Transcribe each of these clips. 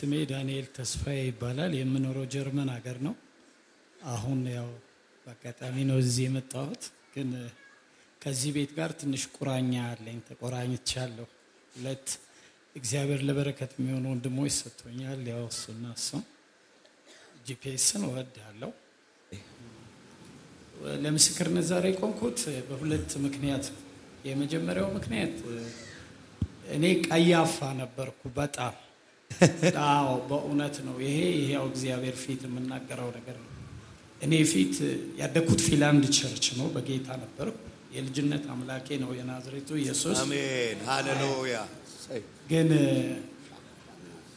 ስሜ ዳንኤል ተስፋዬ ይባላል። የምኖረው ጀርመን ሀገር ነው። አሁን ያው በአጋጣሚ ነው እዚህ የመጣሁት፣ ግን ከዚህ ቤት ጋር ትንሽ ቁራኛ አለኝ። ተቆራኝቻለሁ። ሁለት እግዚአብሔር ለበረከት የሚሆኑ ወንድሞች ሰጥቶኛል። ያው እሱና እሱም ጂፒኤስን እወዳለሁ። ለምስክርነት ዛሬ ቆንኩት በሁለት ምክንያት የመጀመሪያው ምክንያት እኔ ቀያፋ ነበርኩ በጣም አዎ በእውነት ነው። ይሄ ይሄው እግዚአብሔር ፊት የምናገረው ነገር ነው። እኔ ፊት ያደግኩት ፊንላንድ ቸርች ነው። በጌታ ነበር። የልጅነት አምላኬ ነው የናዝሬቱ ኢየሱስ። አሜን ሃሌሉያ። ግን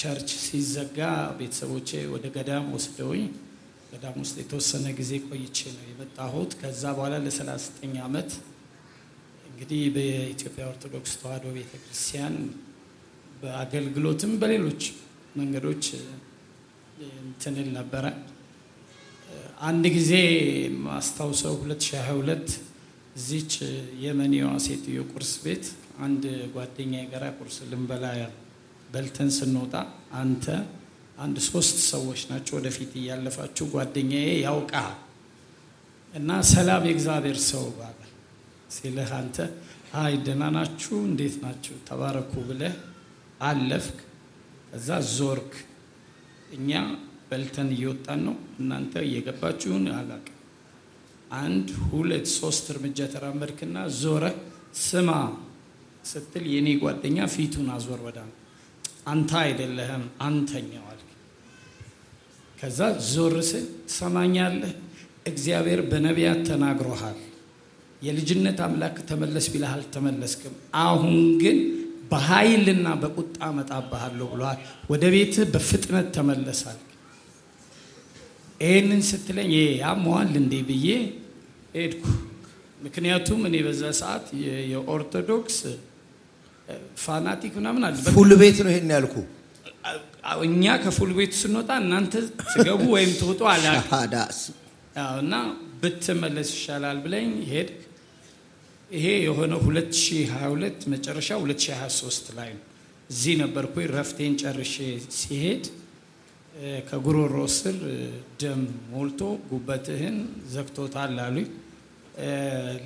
ቸርች ሲዘጋ ቤተሰቦቼ ወደ ገዳም ወስደውኝ ገዳም ውስጥ የተወሰነ ጊዜ ቆይቼ ነው የመጣሁት። ከዛ በኋላ ለ39 ዓመት እንግዲህ በኢትዮጵያ ኦርቶዶክስ ተዋሕዶ ቤተክርስቲያን በአገልግሎትም በሌሎች መንገዶች እንትንል ነበረ። አንድ ጊዜ ማስታውሰው 2022 እዚች የመኔዋ ሴትዮ ቁርስ ቤት አንድ ጓደኛ የጋራ ቁርስ ልንበላ በልተን ስንወጣ አንተ አንድ ሶስት ሰዎች ናቸው ወደፊት እያለፋችሁ ጓደኛዬ ያውቃል እና ሰላም የእግዚአብሔር ሰው ባለ ሲልህ አንተ አይ ደህና ናችሁ እንዴት ናችሁ ተባረኩ ብለህ አለፍክ፣ እዛ ዞርክ። እኛ በልተን እየወጣን ነው፣ እናንተ እየገባችሁን አላቅ። አንድ ሁለት ሶስት እርምጃ ተራመድክና ዞረ ስማ ስትል የኔ ጓደኛ ፊቱን አዞር ወዳ አንተ አይደለህም አንተኛው አልክ። ከዛ ዞር ስል ትሰማኛለህ፣ እግዚአብሔር በነቢያት ተናግሮሃል። የልጅነት አምላክ ተመለስ ቢልሃል አልተመለስክም። አሁን ግን በኃይልና በቁጣ መጣብሃለሁ ብሏል። ወደ ቤት በፍጥነት ተመለሳል። ይህንን ስትለኝ ያመዋል እንዴ ብዬ ሄድኩ። ምክንያቱም እኔ በዛ ሰዓት የኦርቶዶክስ ፋናቲክ ምናምን አለ። ፉል ቤት ነው ይሄን ያልኩ። እኛ ከፉል ቤቱ ስንወጣ እናንተ ትገቡ ወይም ትውጡ አላ እና ብትመለስ ይሻላል ብለኝ ሄድክ ይሄ የሆነው 2022 መጨረሻ 2023 ላይ ነው። እዚህ ነበርኩኝ ረፍቴን ጨርሼ ሲሄድ ከጉሮሮ ስር ደም ሞልቶ ጉበትህን ዘግቶታል አሉኝ።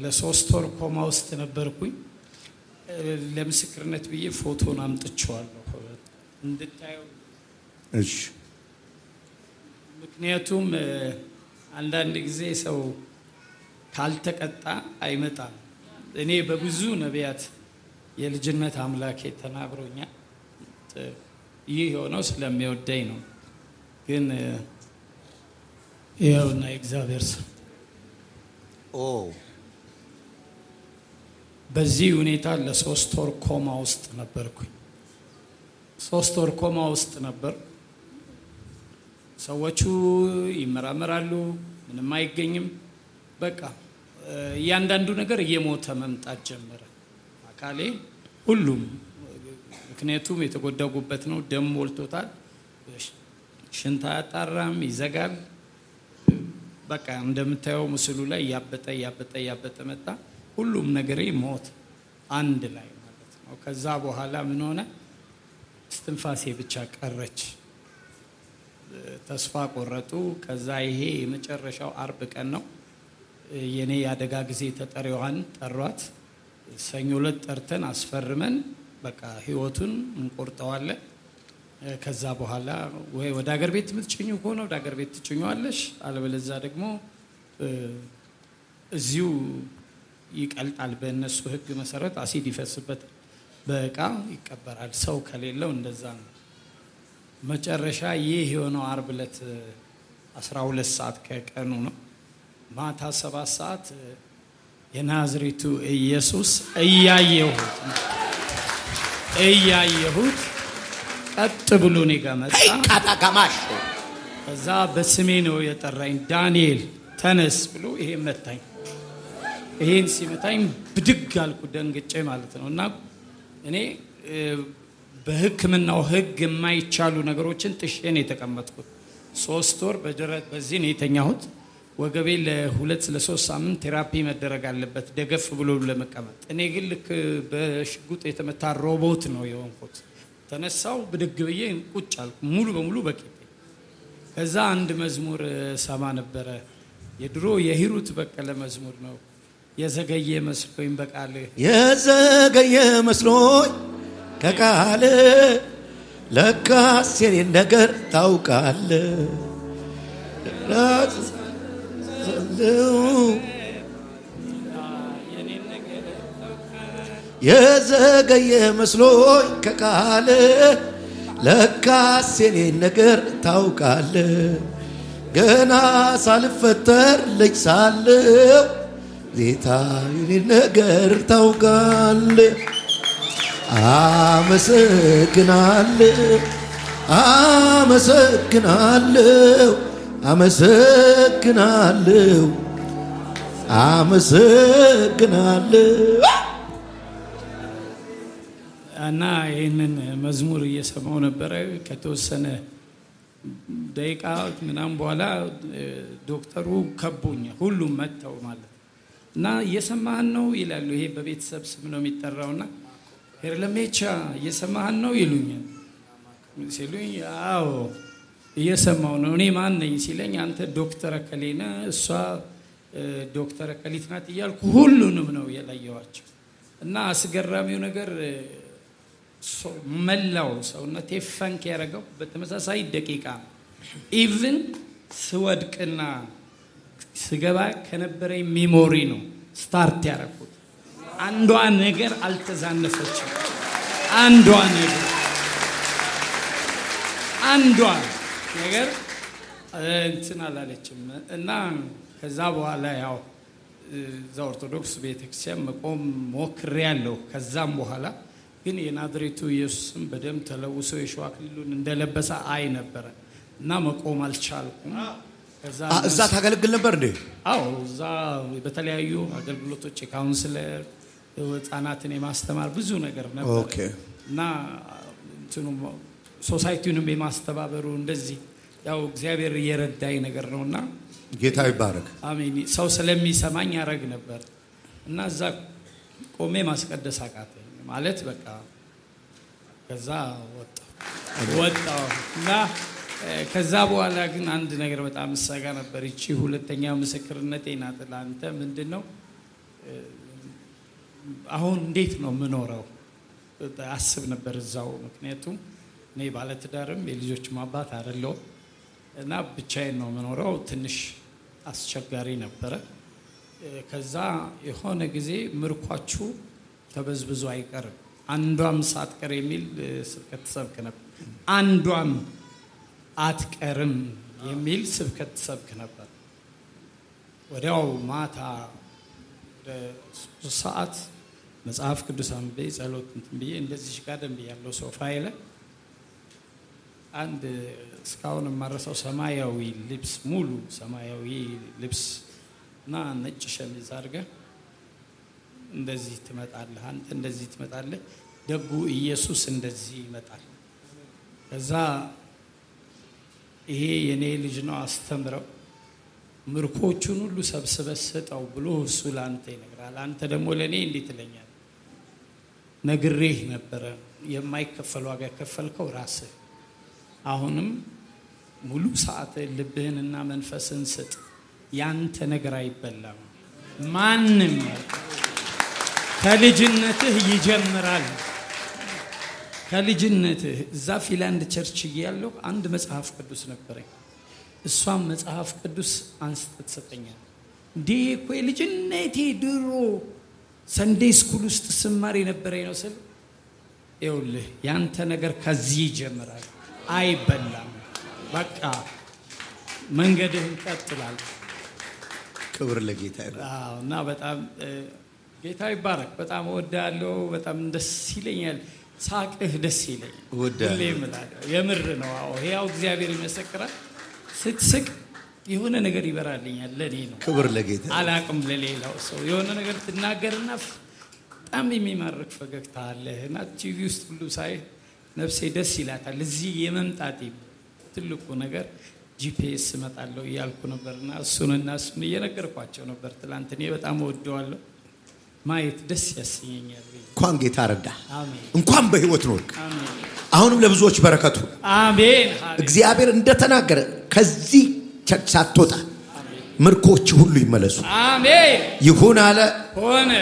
ለሶስት ወር ኮማ ውስጥ ነበርኩኝ። ለምስክርነት ብዬ ፎቶን አምጥቼዋለሁ እንድታየው። እሺ። ምክንያቱም አንዳንድ ጊዜ ሰው ካልተቀጣ አይመጣም። እኔ በብዙ ነቢያት የልጅነት አምላኬ ተናግሮኛል። ይህ የሆነው ስለሚወደኝ ነው። ግን ይኸውና የእግዚአብሔር ስም በዚህ ሁኔታ ለሶስት ወር ኮማ ውስጥ ነበርኩኝ። ሶስት ወር ኮማ ውስጥ ነበር። ሰዎቹ ይመራመራሉ፣ ምንም አይገኝም። በቃ እያንዳንዱ ነገር እየሞተ መምጣት ጀመረ። አካሌ ሁሉም ምክንያቱም የተጎዳጉበት ነው። ደም ሞልቶታል። ሽንታ አያጣራም፣ ይዘጋል። በቃ እንደምታየው ምስሉ ላይ እያበጠ እያበጠ እያበጠ መጣ። ሁሉም ነገሬ ሞት አንድ ላይ ማለት ነው። ከዛ በኋላ ምን ሆነ? እስትንፋሴ ብቻ ቀረች። ተስፋ ቆረጡ። ከዛ ይሄ የመጨረሻው አርብ ቀን ነው። የኔ የአደጋ ጊዜ ተጠሪዋን ጠሯት። ሰኞ ዕለት ጠርተን አስፈርመን በቃ ህይወቱን እንቆርጠዋለን። ከዛ በኋላ ወይ ወደ ሀገር ቤት የምትጭኙ ከሆነ ወደ ሀገር ቤት ትጭኘዋለሽ፣ አለበለዛ ደግሞ እዚሁ ይቀልጣል። በእነሱ ህግ መሰረት አሲድ ይፈስበት በእቃ ይቀበራል። ሰው ከሌለው እንደዛ ነው። መጨረሻ ይህ የሆነው አርብ ዕለት 12 ሰዓት ከቀኑ ነው። ማታ ሰባት ሰዓት የናዝሬቱ ኢየሱስ እያየሁት እያየሁት ቀጥ ብሎ እኔ ጋ መጣ። በስሜ ነው የጠራኝ፣ ዳንኤል ተነስ ብሎ ይሄ መታኝ። ይሄን ሲመታኝ ብድግ አልኩ፣ ደንግጬ ማለት ነው። እና እኔ በሕክምናው ሕግ የማይቻሉ ነገሮችን ጥሼ ነው የተቀመጥኩት። ሶስት ወር በዚህ ነው የተኛሁት። ወገቤ ለሁለት ለሶስት ሳምንት ቴራፒ መደረግ አለበት ደገፍ ብሎ ለመቀመጥ። እኔ ግን ልክ በሽጉጥ የተመታ ሮቦት ነው የሆንኩት። ተነሳው ብድግ ብዬ ቁጭ አልኩ ሙሉ በሙሉ በቂ። ከዛ አንድ መዝሙር ሰማ ነበረ። የድሮ የሂሩት በቀለ መዝሙር ነው። የዘገየ መስሎኝ በቃል የዘገየ መስሎኝ ከቃል ለካስ የኔን ነገር ታውቃል የዘገየ መስሎኝ ከቃል ለካስ የኔን ነገር ታውቃል ገና ሳልፈጠር ልጅ ሳለው ጌታ የኔን ነገር ታውቃለ። አመሰግናለ አመሰግናለሁ አመሰግናለሁ አመሰግናለሁ። እና ይህንን መዝሙር እየሰማው ነበረ። ከተወሰነ ደቂቃ ምናምን በኋላ ዶክተሩ ከቦኝ ሁሉም መጥተው ማለት እና እየሰማህን ነው ይላሉ። ይሄ በቤተሰብ ስም ነው የሚጠራውና ሄርለሜቻ እየሰማህን ነው ይሉኛል ሲሉኝ አዎ እየሰማው ነው። እኔ ማን ነኝ ሲለኝ አንተ ዶክተር ከሌነ እሷ ዶክተር ከሊት ናት እያልኩ ሁሉንም ነው የለየዋቸው እና አስገራሚው ነገር መላው ሰውነቴ ፈንክ ያደረገው በተመሳሳይ ደቂቃ ነው። ኢቭን ስወድቅና ስገባ ከነበረ ሜሞሪ ነው ስታርት ያደረኩት። አንዷ ነገር አልተዛነፈችም። አንዷ ነገር አንዷ ነገር እንትን አላለችም እና ከዛ በኋላ ያው እዛ ኦርቶዶክስ ቤተክርስቲያን መቆም ሞክሬ ያለሁ። ከዛም በኋላ ግን የናዝሬቱ ኢየሱስን በደንብ ተለውሶ የሸዋ ክልሉን እንደለበሰ አይ ነበረ እና መቆም አልቻልኩም። እዛ ታገለግል ነበር እንዴ? አዎ፣ እዛ በተለያዩ አገልግሎቶች የካውንስለር ህፃናትን የማስተማር ብዙ ነገር ነበር እና እንትኑ ሶሳይቲውንም የማስተባበሩ እንደዚህ ያው እግዚአብሔር እየረዳኝ ነገር ነው እና ጌታ ይባረክ። አሜን። ሰው ስለሚሰማኝ ያደረግ ነበር እና እዛ ቆሜ ማስቀደስ አቃተኝ ማለት በቃ ከዛ ወጣሁ ወጣሁ እና ከዛ በኋላ ግን አንድ ነገር በጣም እሰጋ ነበር። ይቺ ሁለተኛው ምስክርነቴ ናት። ለአንተ ምንድን ነው አሁን እንዴት ነው የምኖረው አስብ ነበር እዛው ምክንያቱም እኔ ባለትዳርም የልጆችም አባት አይደለሁም እና ብቻዬን ነው የምኖረው። ትንሽ አስቸጋሪ ነበረ። ከዛ የሆነ ጊዜ ምርኳችሁ ተበዝብዞ አይቀርም አንዷም ሳትቀር የሚል ስብከት ትሰብክ ነበር። አንዷም አትቀርም የሚል ስብከት ሰብክ ነበር። ወዲያው ማታ ሶስት ሰዓት መጽሐፍ ቅዱስ አንብቤ ጸሎት እንትን ብዬ እንደዚህ ጋደም ብያለሁ ሶፋ ላይ አንድ እስካሁን የማረሰው ሰማያዊ ልብስ ሙሉ ሰማያዊ ልብስ እና ነጭ ሸሚዝ አድርገ እንደዚህ ትመጣለህ፣ አንተ እንደዚህ ትመጣለህ፣ ደጉ ኢየሱስ እንደዚህ ይመጣል። ከዛ ይሄ የኔ ልጅ ነው አስተምረው፣ ምርኮቹን ሁሉ ሰብስበህ ስጠው ብሎ እሱ ለአንተ ይነግራል። አንተ ደግሞ ለእኔ እንዴት ትለኛል? ነግሬህ ነበረ፣ የማይከፈል ዋጋ የከፈልከው ራስህ አሁንም ሙሉ ሰዓት ልብህንና መንፈስን ስጥ። ያንተ ነገር አይበላም። ማንም ከልጅነትህ ይጀምራል። ከልጅነትህ እዛ ፊንላንድ ቸርች እያለሁ አንድ መጽሐፍ ቅዱስ ነበረኝ። እሷም መጽሐፍ ቅዱስ አንስተ ትሰጠኛል። እንዲህ እኮ የልጅነቴ ድሮ ሰንዴ ስኩል ውስጥ ስማር የነበረኝ ነው ስል ይኸውልህ፣ ያንተ ነገር ከዚህ ይጀምራል። አይበላም። በቃ መንገድህን ቀጥላል። ክብር ለጌታ እና በጣም ጌታ ይባረክ። በጣም እወዳለሁ። በጣም ደስ ይለኛል። ሳቅህ ደስ ይለኛል። የምር ነው። አዎ ያው እግዚአብሔር ይመሰክራል። ስትስቅ የሆነ ነገር ይበራልኛል። ለእኔ ነው። ክብር ለጌታ አላቅም። ለሌላው ሰው የሆነ ነገር ትናገርና በጣም የሚማርክ ፈገግታ አለህ እና ቲቪ ውስጥ ሁሉ ሳይ ነፍሴ ደስ ይላታል። እዚህ የመምጣቴ ትልቁ ነገር ጂፒኤስ እመጣለሁ እያልኩ ነበርና እሱንና እሱን እየነገርኳቸው ነበር። ትላንት እኔ በጣም ወደዋለሁ ማየት ደስ ያሰኘኛል። እንኳን ጌታ ረዳ፣ እንኳን በህይወት ኖርክ። አሁንም ለብዙዎች በረከቱ አሜን። እግዚአብሔር እንደተናገረ ከዚህ ቸርች ሳትወጣ ምርኮች ሁሉ ይመለሱ። አሜን። ይሁን አለ ሆነ።